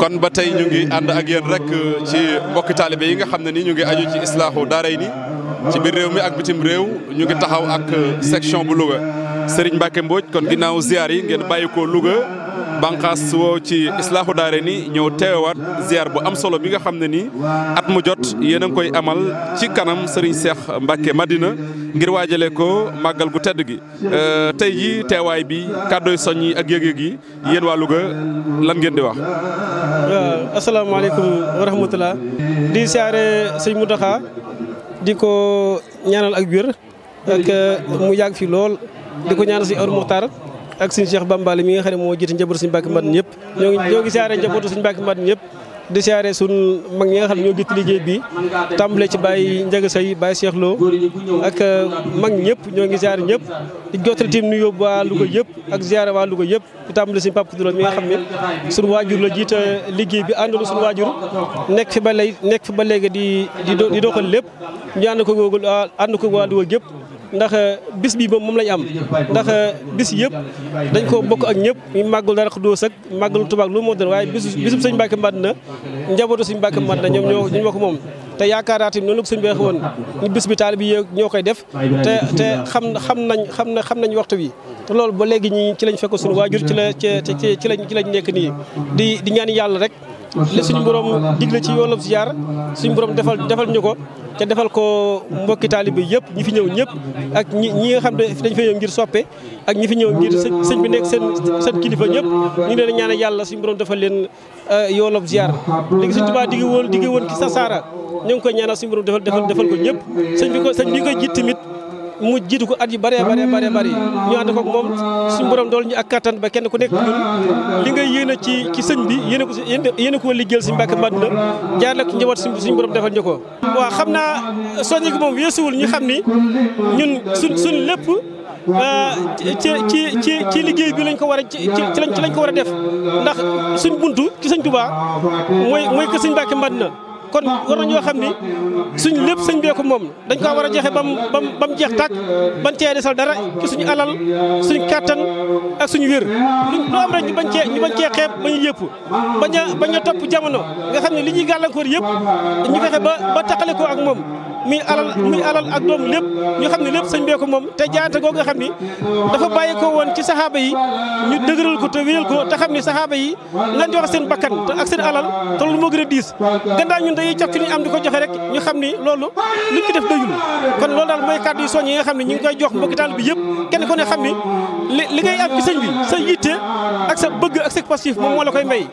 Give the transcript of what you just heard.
kon ba tey ñu ngi ànd ak yéen rek euh, ci mbokki taalibe yi nga xam ne ni ñu ngi aju ci islaahu daaray ni ci biir réew mi ak bitim réew ñu ngi taxaw ak euh, section bu Louga Serigne Mbacke Mbodj kon ginnaaw ziar yi ngeen bàyyi ko Louga banqaas woow ci daare ni ñëw teewaat ziar bu am solo bi nga xam ne nii at mu jot yéen a ngi koy amal ci kanam Serigne Cheikh Mbacke Madina ngir waajale ko màggal gu tedd gi. Euh, tey jii teewaay bi kàddooy soñ yi ak yëg-yëg yi yéen waa Louga lan ngeen di wax. waaw asalaamaaleykum wa rahmatulah. di siyaare sëñ Mountakha di ko ñaanal ak wér ak euh, mu yàgg fi lool di ko ñaanal si Amadou Mokhtar. ak suñu Cheikh Bambali mi nga xam ne moo jiite njabootu suñu Mbàkke Madina ñëpp ñoo ngi ñoo ngi siyaare njabootu suñu Mbàkke Madina ñëpp di siyaare suñ mag nga xam ne ñoo jiite liggéey bi tàmbale ci Baye Ndiaga Seye uh, ñoo ngi siyaare ñëpp di jottali tim nuyu waa Louga yëpp ak siyaare waa Louga yëpp di tàmbale suñu Papa Dula mi nga xam ne suñu waajur la jiite liggéey bi àndoon suñu waajur nekk fi ba lay nekk fi ba léegi di di doxal lépp ñu ànd ko ànd ko waa Louga ndax euh, bis bi moom moom lañ am ndax euh, bis yëpp dañ ko bokk ak ñëpp ñu màggul dara xudóos ak màggalu tubaab loolu moo doon waaye bisu bisub sëñ Mbàkke Madina njabootu sëñ Mbàkke Madina ñoom ñoo ñu ko moom te yaakaaraat yi noonu la ko sëñ bi waxee woon bis bi taal bi ñoo koy def te te xam xam nañ xam na xam nañ waxtu bi te loolu ba léegi ñi ci lañ fekk suñu waajur ci la ci ci lañ ci lañ nekk nii di di ñaan yàlla rek li suñu borom digle ci yoonam ziar suñu borom defal defal ñu ko te defal ko mbokki taalibe yëpp ñi fi ñëw ñëpp ak ñi ñi nga xam ne dañ fa ñëw ngir soppe ak ñi fi ñëw ngir sëñ bi nekk seen seen kilifa ñëpp ñu ne leen ñaanal yàlla suñu borom defal leen euh, yoolob ziar léegi suñ tubaab di ngi woon di ngi woon ki sasaara ñu ngi koy ñaanal suñu borom defal defal ko ñëpp sëñ bi koy jiit tamit mu jiitu ko at yu bëree bëree bëree bëri ñu ànd koog moom suñu borom dool ñu ak kattan ba kenn ku nekk ñun li nga yéene ci ci sëñ bi yéene ko yéene ko liggéeyal suñu Mbàkke Madina jaar la ko njaboot suñu borom defal ñu ko. waaw xam naa soññi ko moom weesuwul ñu xam ni ñun suñ suñ lépp. Euh, ci ci ci liggéey bi lañ ko war a ci ci lañ ko war a def ndax suñ buntu ci sëñ Tuubaa mooy mooy que sëñ ke Madina kon war nañoo xam ni suñ lépp sëñ bee moom dañ ko war a joxe bam bam ba mu jeex tàkk bañ cee desal dara ci suñu alal suñu kàttan ak suñu wér luñ loo am rek ñu bañ cee ñu cee xeeb bañu yëpp bañ a bañ a topp jamono nga xam ne li ñuy gàllankoor yëpp ñu fexe ba ba taxale ko ak moom muy alal muy alal ak doom lépp ñu xam ne lépp sëñ bee ko moom te jaayante googu nga xam ni dafa bàyyi ko woon ci saxaaba yi ñu dëgëral ko te wéyal ko te xam ni saxaaba yi lañ joxe seen bakkan te ak seen alal te loolu moo gën a diis gannaaw ñun dañuy caf ci ñu am di ko joxe rek ñu xam ni loolu luñ ko def doyul kon loolu daal mooy kàddu yi soññ yi nga xam ne ñu ngi koy jox mbokki taal bi yëpp kenn ku ne xam ni li ngay am ci sëñ bi sa yitte ak sa bëgg ak sa passif moom moo la koy may